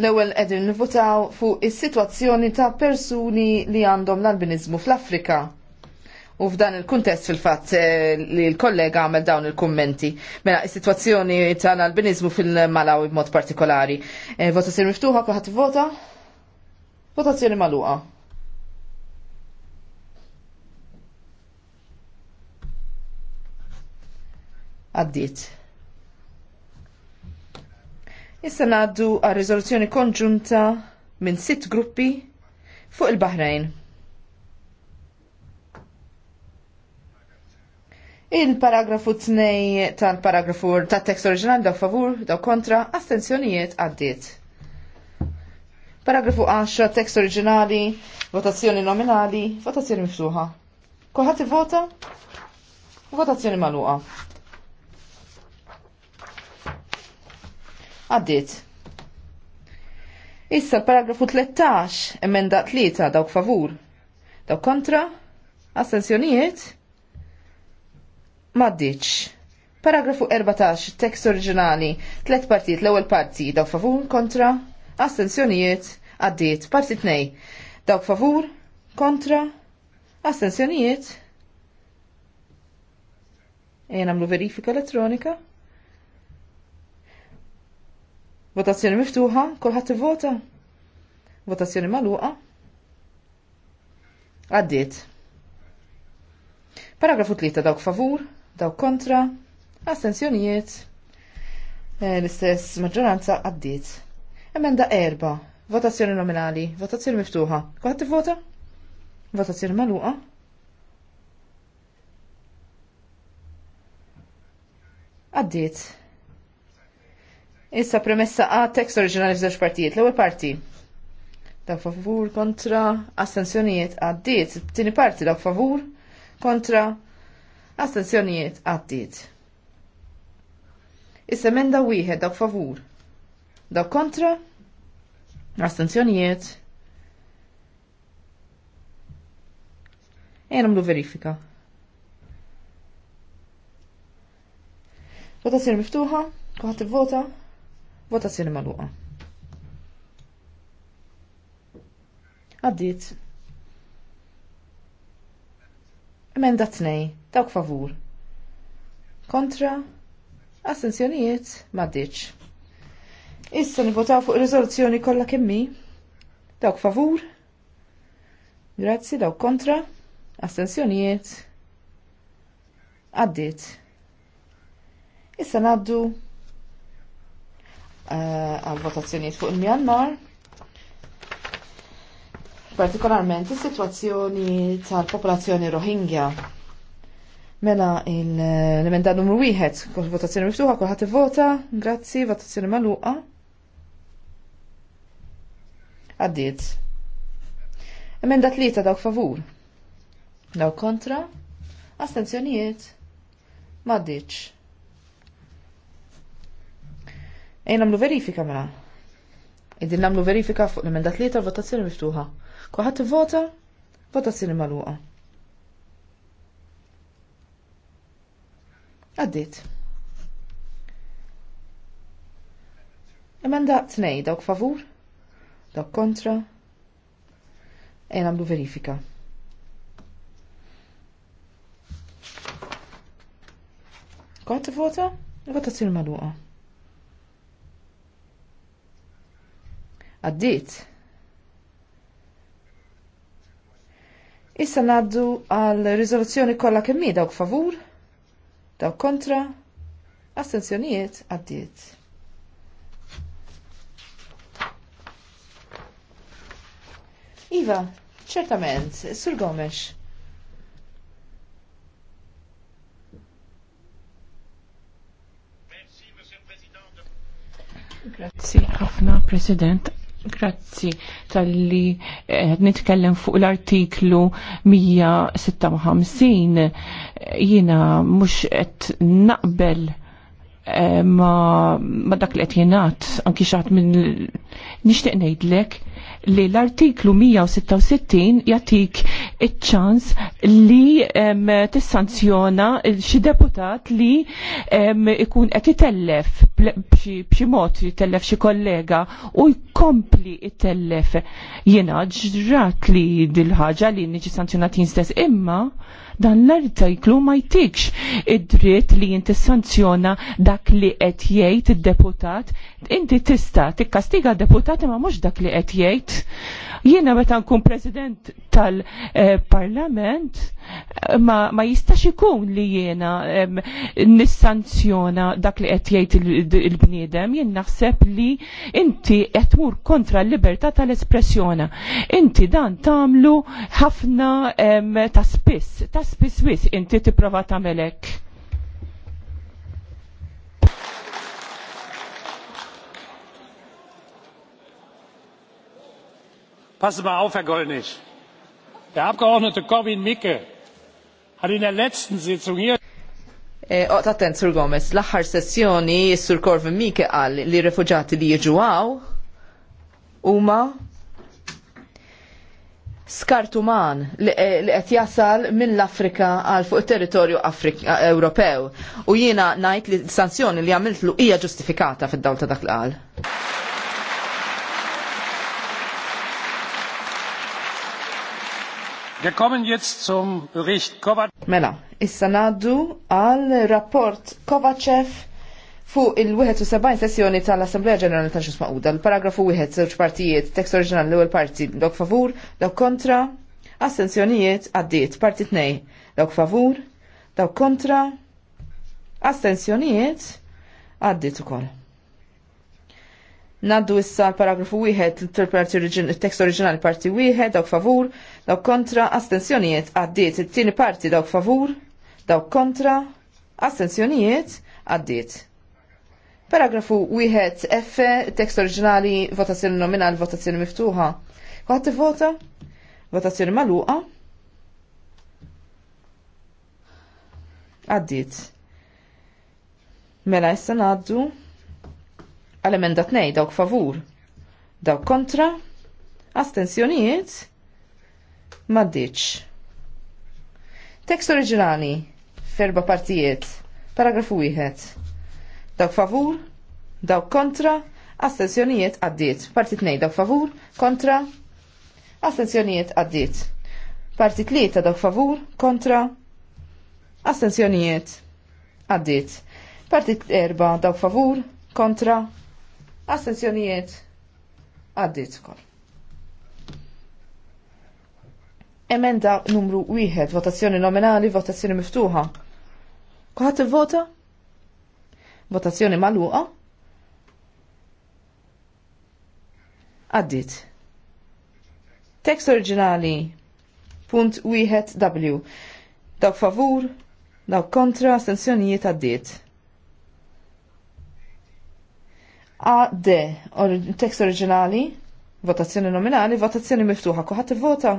L-ewwel qegħdin nivutaw fuq is-sitwazzjoni ta' persuni li għandhom l-albinizmu fl-Afrika. U f'dan il-kuntest fil-fatt eh, li l-kollega għamel dawn il-kummenti. Mela, is-sitwazzjoni tal-albinizmu fil-Malawi b'mod partikolari. Eh, vota sir miftuħa, kuħat vota? Votazzjoni maluqa. Għaddit. Issa naddu għal riżoluzzjoni konġunta minn sitt gruppi fuq il-Bahrajn. Il-paragrafu 2 tal-paragrafu tat-tekst oriġinali daw favur, daw kontra, astenzjonijiet għaddiet. Paragrafu 10, tekst oriġinali, votazzjoni nominali, votazzjoni miftuħa. Kulħadd ivota? Votazzjoni magħluqa. għaddit. Issa paragrafu 13, emenda 3, dawk favur. Dawk kontra, assenzjonijiet, maddiċ. Paragrafu 14, tekst oriġinali, tlet partijiet, l ewwel parti, dawk favur, kontra, assenzjonijiet, għaddit. Parti 2, dawk favur, kontra, assenzjonijiet. Ejja namlu verifika elettronika. Votazzjoni miftuħa, kulħadd vota. Votazzjoni magħluqa. Għaddiet. Paragrafu 3 dawk favur, dawk kontra, astensjonijiet. Eh, l-istess maġġoranza għaddiet. Emenda erba, votazzjoni nominali, votazzjoni miftuħa. kolħat vota. Votazzjoni magħluqa. Għaddiet. Issa premessa A text oriġinali f'żewġ partijiet. L-ewwel parti. Dak favur kontra astensjonijiet għaddiet. Tieni parti dak favur kontra astensjonijiet għaddiet. Issa emenda wieħed dak favur. Dak kontra astensjonijiet. Ejna mlu verifika. Votazzjoni miftuħa, kuħat il-vota, Votazzjoni maluqa. Għaddit. Emenda tnej, dawk favur. Kontra, assenzjonijiet, maddiċ. Issa nivotaw fuq il-rizoluzzjoni kollha kemmi. Dawk favur. Grazzi, dawk kontra. Astensjonijiet. Għaddit. Issa naddu Eh, għal votazzjonijiet fuq il mjanmar partikolarment is-sitwazzjoni tal-popolazzjoni Rohingya. Mela l-emenda numru wieħed, kol votazzjoni miftuħa, ħadd ivota, grazzi, votazzjoni magħluqa. Għaddiet. Emenda tlieta dawk favur. Dawk kontra. Astenzjonijiet. Maddiċ. Ejn namlu verifika mela. Idin namlu verifika fuq l li tlieta votazzjoni miftuħa. Kuħat vota, votazzjoni maluqa. Għaddit. Emenda tnej dawk favur, dawk kontra. Ejn namlu verifika. Kuħat vota, votazzjoni maluqa. għaddit. Issa naddu għal rizoluzzjoni kollha kemm dawk favur, dawk kontra, astenzjonijiet għaddit. Iva, ċertament, Sur Gomes. Grazie ħafna, President. Grazzi tal-li eh, nitkellem fuq l-artiklu 156 jina mux qed naqbel eh, ma, ma dak li qed jingħad anki xaħat minn Nixtieq ngħidlek li l-artiklu 166 jatik iċ-ċans li tissanzjona xi deputat li ikun qed itellef b'xi mod jitellef xi kollega u jkompli itellef. Jiena ġrat li dil-ħaġa li niġi sanzjonati stess imma dan l-artiklu ma jtikx id-dritt li jinti sanzjona dak li qed jgħid id-deputat inti tista tikkastiga deputati ma mhux dak li qed jgħid. Jiena meta nkun president tal-parlament ma, ma jistax ikun li jiena nissanzjona dak li qed jgħid il-bniedem, jien naħseb li inti qed tmur kontra l-libertà tal-espressjona. Inti dan tagħmlu ħafna ta' spiss, ta' spiss wis inti tipprova hekk. passen mal auf herr gollnisch der abgeordnete korwin mikke hat in der letzten sitzung hier eh, Oqt attent Sur Gomez, l-aħħar sessjoni Sur Korvin Mike qal li rifuġati li jiġu għaw huma skart uman eh, li qed jasal mill-Afrika għal fuq it-territorju eh, Ewropew u jiena ngħid li sanzjoni li għamiltlu hija ġustifikata fid-dawl ta' dak l għal Mela, issa naddu għal rapport Kovacev fuq il-71 sessjoni tal-Assemblea Ġenerali ta' Ġusma Uda, l-paragrafu 1, żewġ partijiet, tekst oriġinali l-ewwel parti, dok favur, dok kontra, astensjonijiet għaddiet, parti 2, dok favur, dok kontra, astensjonijiet għaddiet ukoll. Naddu issa paragrafu wieħed il-tekst oriġinali parti wieħed dawk favur, dawk kontra, astensjonijiet għaddiet. Il-tieni parti dawk favur, dawk kontra, astensjonijiet għaddiet. Paragrafu wieħed F, tekst oriġinali votazzjoni nominal, votazzjoni miftuħa. Kuħat vota? Votazzjoni maluqa? Għaddiet. Mela issa naddu Għal-emenda nej, dawk favur. Dawk kontra. Astensjonijiet. Maddiċ. Tekst oriġinali. Ferba partijiet. Paragrafu wieħed. Dawk favur. Dawk kontra. Astensjonijiet għaddiet. Parti nej, dawk favur. Kontra. Astensjonijiet għaddiet. Parti 3 dawk favur. Kontra. Astensjonijiet. Għaddiet. Partit erba dawk favur, kontra, Astenzjonijiet għadditkom. ukoll. Emenda numru 1, votazzjoni nominali, votazzjoni miftuħa. Kuħat vota? Votazzjoni maluqa? Għaddit. Tekst oriġinali, punt 1W. Dawk favur, dawk kontra, astenzjonijiet għaddit. AD, or, tekst oriġinali, votazzjoni nominali, votazzjoni miftuħa, kuħat vota,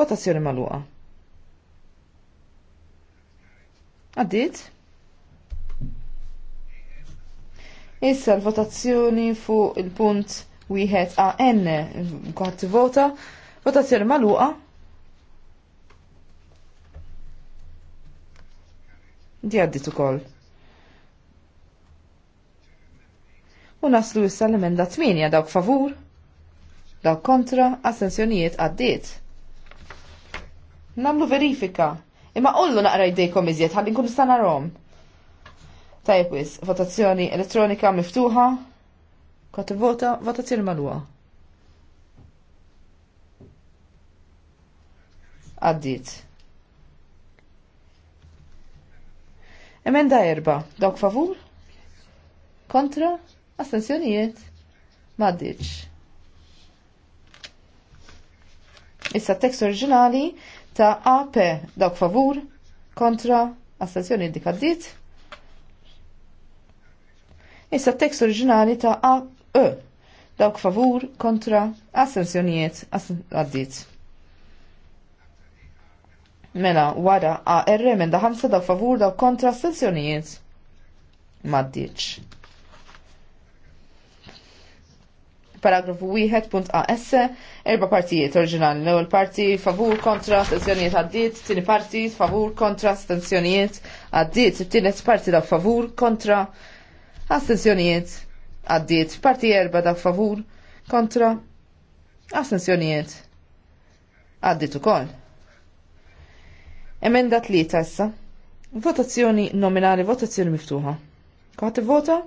votazzjoni maluqa. Għaddit? Issa l-votazzjoni fuq il-punt wieħed AN, kuħat vota, votazzjoni maluqa. Di għaddit ukoll. U naslu issa l-emenda 8 dawk favur, dawk kontra, assenzjonijiet għaddiet. Namlu verifika. Imma ullu naqra jdejkom iżjed ħalli nkunu stanarom. Tajb wis, votazzjoni elettronika miftuħa. Kot vota, votazzjoni malwa. Għaddit. Emenda erba, dawk favur? Kontra? Astenzjonijiet? Maddiċ. Issa t-tekst oriġinali ta' AP dawk favur kontra astenzjoni dik għaddit. Issa t-tekst oriġinali ta' AE dawk favur kontra astenzjonijiet għaddit. Mela wara AR minn da' ħamsa dawk favur dawk kontra astenzjonijiet maddiċ. paragrafu 1.as, erba partijiet oriġinali, l-ewwel parti favur kontra stenzjonijiet għaddiet, tieni parti favur kontra stenzjonijiet għaddiet, tini parti da favur kontra astenzjonijiet għaddiet, parti erba da favur kontra astensjonijiet għaddiet ukoll. Emenda tlieta issa. Votazzjoni nominali, votazzjoni miftuħa. Kħat vota?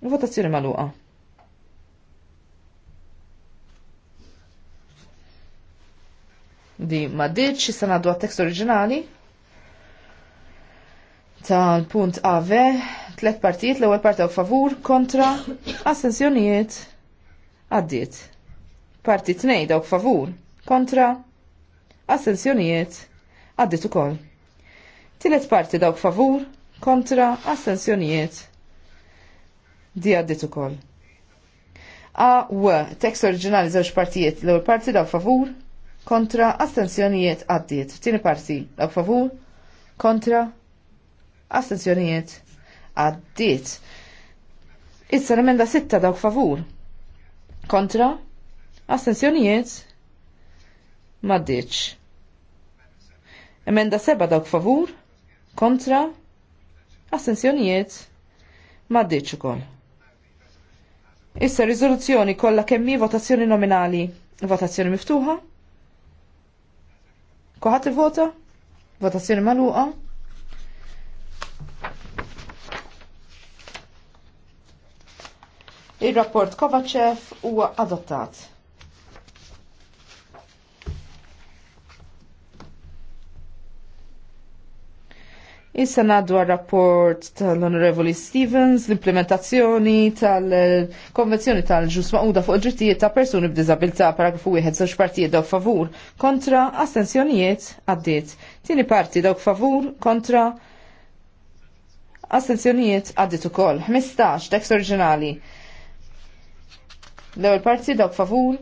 Votazzjoni maluqa. Di ma ditx, issa għaddu għat-tekst oriġinali tal-punt AV, tlet partijiet, l-ewwel parti favur, kontra, assenzjonijiet, għaddiet. Parti tnej dawk favur, kontra, assenzjonijiet, għaddiet ukoll. Tilet parti dawk favur, kontra, assenzjonijiet, di għaddiet ukoll. A, w, tekst oriġinali żewġ partijiet, l-ewwel parti dawk favur, kontra astenzjonijiet għaddiet. Tieni parti dawk favur kontra astenzjonijiet għaddiet. Issa l-emenda sitta dawk favur kontra astenzjonijiet maddiċ. Emenda seba dawk favur kontra astenzjonijiet maddiċ ukoll. Issa riżoluzzjoni kollha kemm votazzjoni nominali, votazzjoni miftuħa. Kuħat il-vota? Votazzjoni maluqa? Il-rapport Kovacev huwa adottat. Issa naddu rapport tal-Onorevoli Stevens, l-implementazzjoni tal-Konvenzjoni tal-ġus maquda fuq il-ġittijiet ta' persuni b'diżabilità paragrafu wieħed żewġ partijiet dawk favur kontra astensjonijiet għaddiet. Tieni parti dawk favur kontra astensjonijiet għaddiet ukoll. 15 tekst oriġinali. L-ewwel parti dawk favur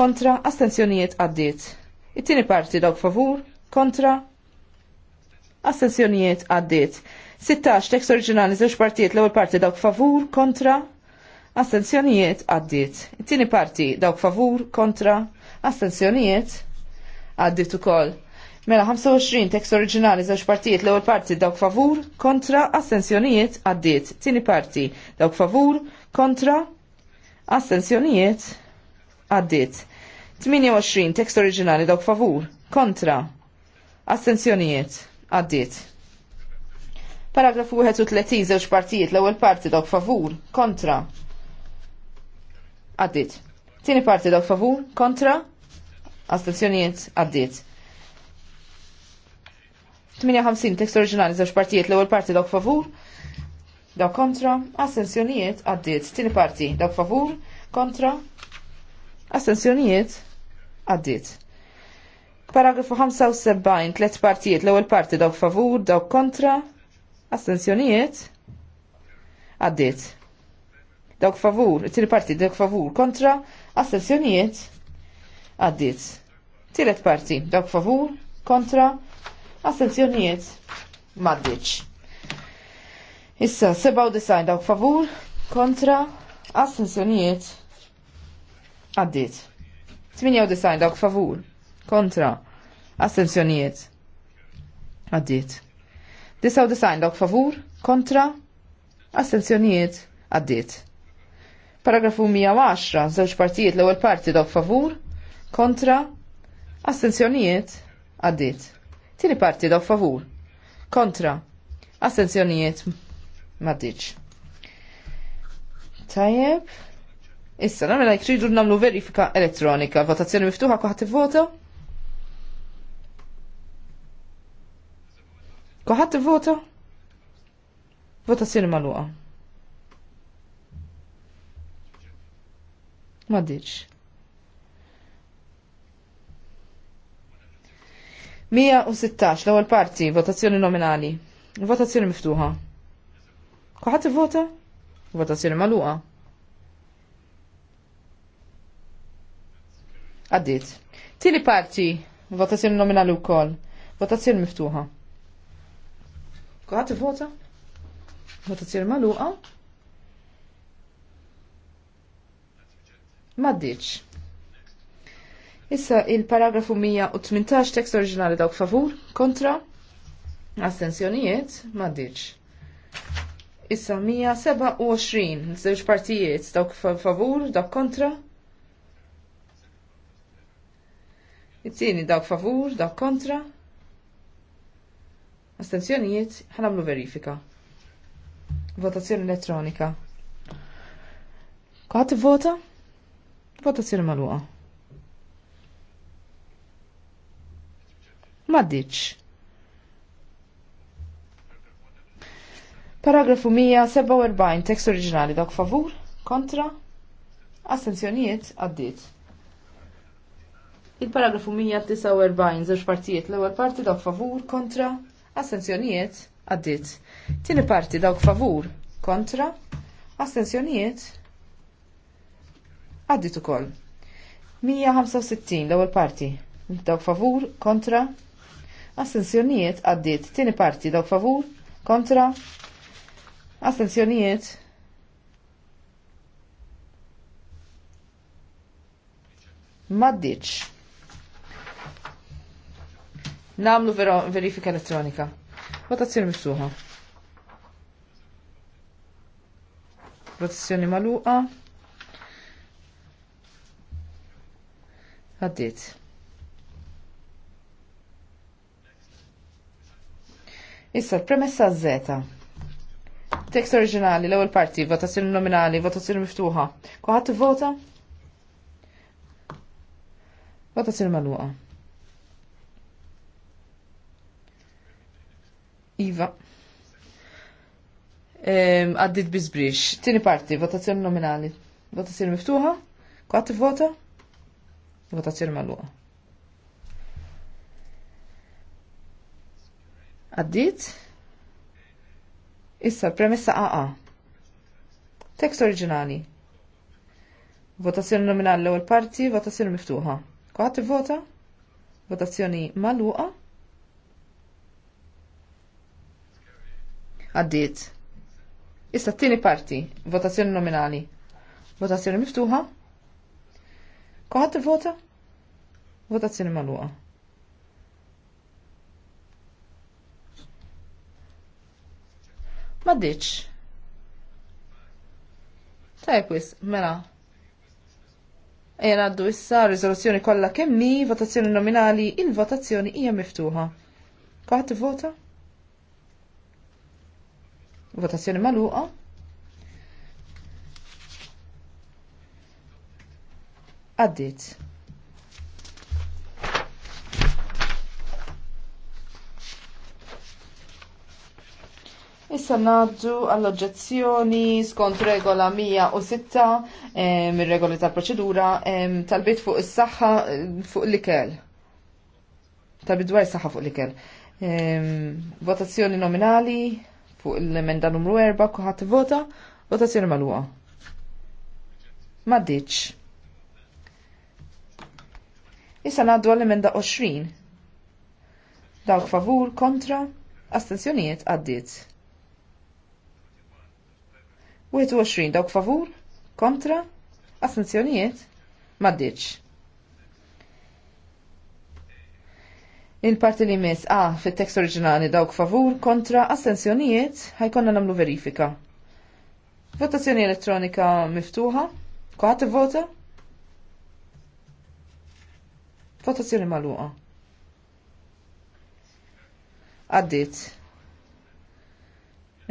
kontra astensjonijiet għaddiet. It-tieni parti dawk favur kontra Assenzjonijiet għaddiet. 16 tekst oriġinali żewġ partijiet l-ewwel parti dawk favur kontra assenzjonijiet, għaddit. It-tieni parti dawk favur kontra assenzjonijiet? għaddit ukoll. Mela 25 tekst oriġinali żewġ partijiet l-ewwel parti dawk favur kontra assenzjonijiet, għaddiet. Tieni parti dawk favur kontra astenzjonijiet għaddit. 28 tekst oriġinali dawk favur kontra assenzjonijiet. Għaddiet. Paragrafu 31 żewġ partijiet l-ewwel parti dawk favur kontra. Għaddiet. Tieni parti dawk favur kontra. Astazzjonijiet għaddiet. 58 tekst oriġinali żewġ partijiet l-ewwel parti dawk favur dawk kontra. Astenzjonijiet għaddiet. Tieni parti dawk favur kontra. Astenzjonijiet għaddiet. Paragrafu 75, tlet partijiet, l-ewwel parti dawk favur, dawk kontra, astensjonijiet, għaddit. Dawk favur, it-tieni parti dawk favur, kontra, astensjonijiet, għaddit. Tielet parti, dawk favur, kontra, astensjonijiet, maddiċ. Issa, 97 dawk favur, kontra, astensjonijiet, għaddiet. 98 dawk favur, kontra astenzjonijiet għaddiet. 99 dawk favur kontra astenzjonijiet għaddiet. Paragrafu 110 żewġ partijiet l-ewwel parti dawk favur kontra astenzjonijiet għaddiet. Tieni parti dawk favur kontra astenzjonijiet maddiċ. Tajjeb, Issa, namela jkridu namlu verifika elettronika, votazzjoni miftuħa kuħat vota Kuħat vota? Vota sir maluqa. Ma diċ. 116 l-ewwel parti, votazzjoni nominali. Votazzjoni miftuħa. Kuħat vota? Votazzjoni maluqa. Għaddit. Tili parti, votazzjoni nominali wkoll. Votazzjoni miftuħa. Kuħat vota? t-sir maluqa? Maddiċ. Issa il-paragrafu 118 tekst oriġinali dawk favur, kontra, astensjonijiet, maddiċ. Issa 127 żewġ partijiet dawk favur, dawk kontra. It-tieni dawk favur, dawk kontra. Astenzjonijiet ħanamlu verifika. Votazzjoni elettronika. Kħat vota? Votazzjoni maluqa. Maddiċ. Paragrafu 147, tekst oriġinali, dawk favur, kontra, astenzjonijiet, għaddit. Il-paragrafu 149, zewġ partijiet, l-ewwel parti dawk favur, kontra, Astenzjonijiet għaddit. Tieni parti dawk favur kontra. Astenzjonijiet għaddit ukoll. 165 l-ewwel parti dawk favur kontra. Astenzjonijiet għaddit. Tieni parti dawk favur kontra. Astenzjonijiet maddiċ namlu verifika elettronika. Votazzjoni miftuħa. Votazzjoni maluqa. Għaddit. Issa, premessa z. Tekst oriġinali, l-ewwel parti, votazzjoni nominali, votazzjoni miftuħa. Kuħadd vota? Votazzjoni magħluqa. Iva. Għaddit e, Tini parti, votazzjoni nominali. Votazzjoni miftuħa. Kwa vota. Votazzjoni maluħa. Għaddit. Issa, premessa AA. Tekst oriġinali. Votazzjoni nominali l-ewwel parti, votazzjoni miftuħa. Kwa vota. Votazzjoni maluqa. Għaddiet. Issa t-tieni parti, votazzjoni nominali. Votazzjoni miftuħa? Koħat il-vota? Votazzjoni magħluqa. Ma ditx. Tajb wis, mela. Ejna għaddu issa riżoluzzjoni kollha kemm votazzjoni nominali, il-votazzjoni hija miftuħa. Koħat il-vota? Votazzjoni maluqa. Għaddit. Issa naddu għall-oġġezzjoni skont regola 106 eh, mir regoli tal-proċedura eh, tal-bit fuq is-saħħa eh, fuq l-ikel. Tal-bit dwar is-saħħa fuq l-ikel. votazzjoni nominali fuq l-emenda numru 4 kuħat vota sir maluqa. Maddiċ. Issa naddu għall-emenda 20. Dawk favur, kontra, astensjonijiet għaddit. 21 dawk favur, kontra, astensjonijiet, maddiċ. Il-parti li mis A ah, fit-tekst oriġinali dawk favur kontra assenzjonijiet ħajkonna namlu verifika. Votazzjoni elettronika miftuħa. Kuħat vota? Votazzjoni maluqa. Għaddit.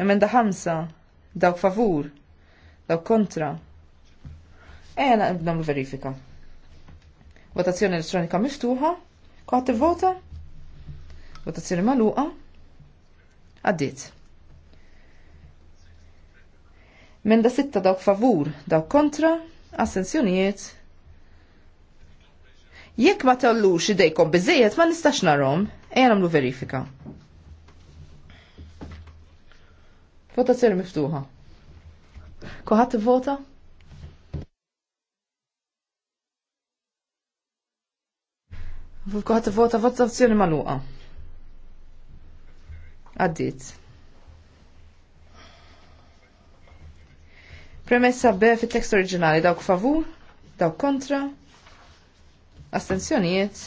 Emenda ħamsa. Dawk favur. Dawk kontra. Ejna namlu verifika. Votazzjoni elettronika miftuħa. Kuħat vota? Votazzjoni maluqa. Għaddit. da' sitta dawk favur, dawk kontra, assenzjonijiet. Jekk ma tellux idejkom biżejjed ma nistax narhom, ejja nagħmlu verifika. Votazzjoni miftuħa. Kuħadd vota? Kuħat vota votazzjoni magħluqa. Għaddit. Premessa B fit-tekst oriġinali dawk favur, dawk kontra, astenzjonijiet.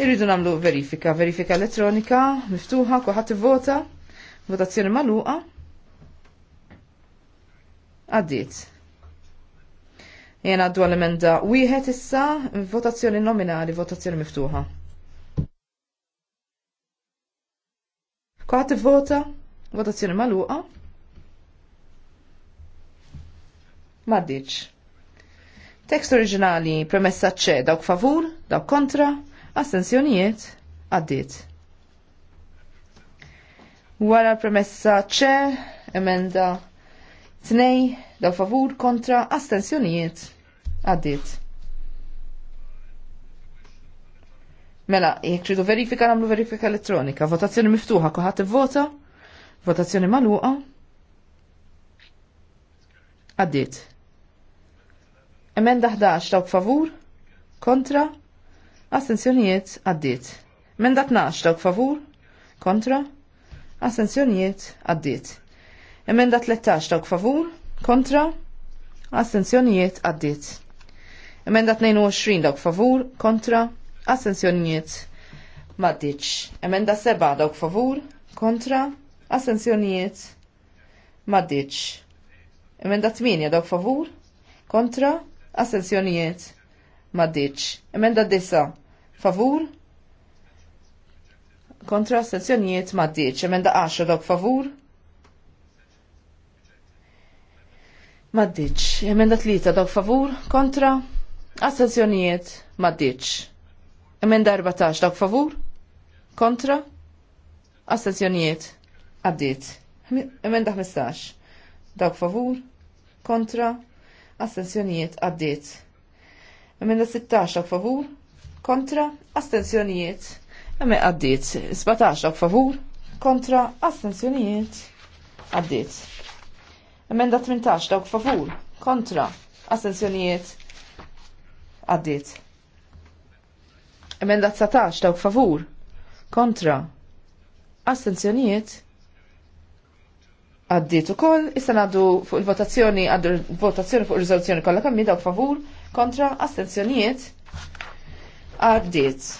Irridu namlu verifika, verifika elettronika, miftuħa, kuħat vota, votazzjoni maluqa. Għaddit. Jena għaddu għal-emenda wieħed issa, votazzjoni nominali, votazzjoni miftuħa. Kwaħat vota votazzjoni maluqa. Maddiċ. Tekst oriġinali premessa ċe dawk favur, dawk kontra, astensjonijiet, għaddit. Wara premessa ċe, emenda tnej, dawk favur, kontra, astensjonijiet, għaddit. Mela, jek tridu verifika namlu verifika elettronika. Votazzjoni miftuħa, kuħat vota Votazzjoni maluqa. Għaddit. Emenda 11 dawk favur? Kontra? Astenzjonijiet għaddit. Emenda 12 dawk favur? Kontra? Astenzjonijiet għaddit. Emenda 13 dawk favur? Kontra? Astenzjonijiet għaddit. Emenda 22 dawk favur? Kontra? Assenzjonijiet maddiċ. Emenda seba dawk favur kontra assenzjonijiet maddiċ. Emenda tminja dawk favur kontra assenzjonijiet maddiċ. Emenda disa favur kontra assenzjonijiet maddiċ. Emenda 10 dawk favur maddiċ. Emenda tlita dawk favur kontra assenzjonijiet maddiċ. Emenda taċ, dawk favur? Kontra? Astenzjonijiet? Għaddiet. Emenda 15 dawk favur? Kontra? Astenzjonijiet? Għaddiet. Emenda 16 dawk favur? Kontra? Astenzjonijiet? Emme għaddit. 17 dawk favur? Kontra? Astenzjonijiet? Għaddiet. Emenda 18 dawk favur? Kontra? Astenzjonijiet? Għaddit. Emenda 19 dawk favur. Kontra. Astenzjonijiet. u ukoll, issa għaddu fuq il-votazzjoni għaddu votazzjoni fuq ir-riżoluzzjoni kollha kammi, dawk favur. Kontra. Astenzjonijiet. Għaddiet.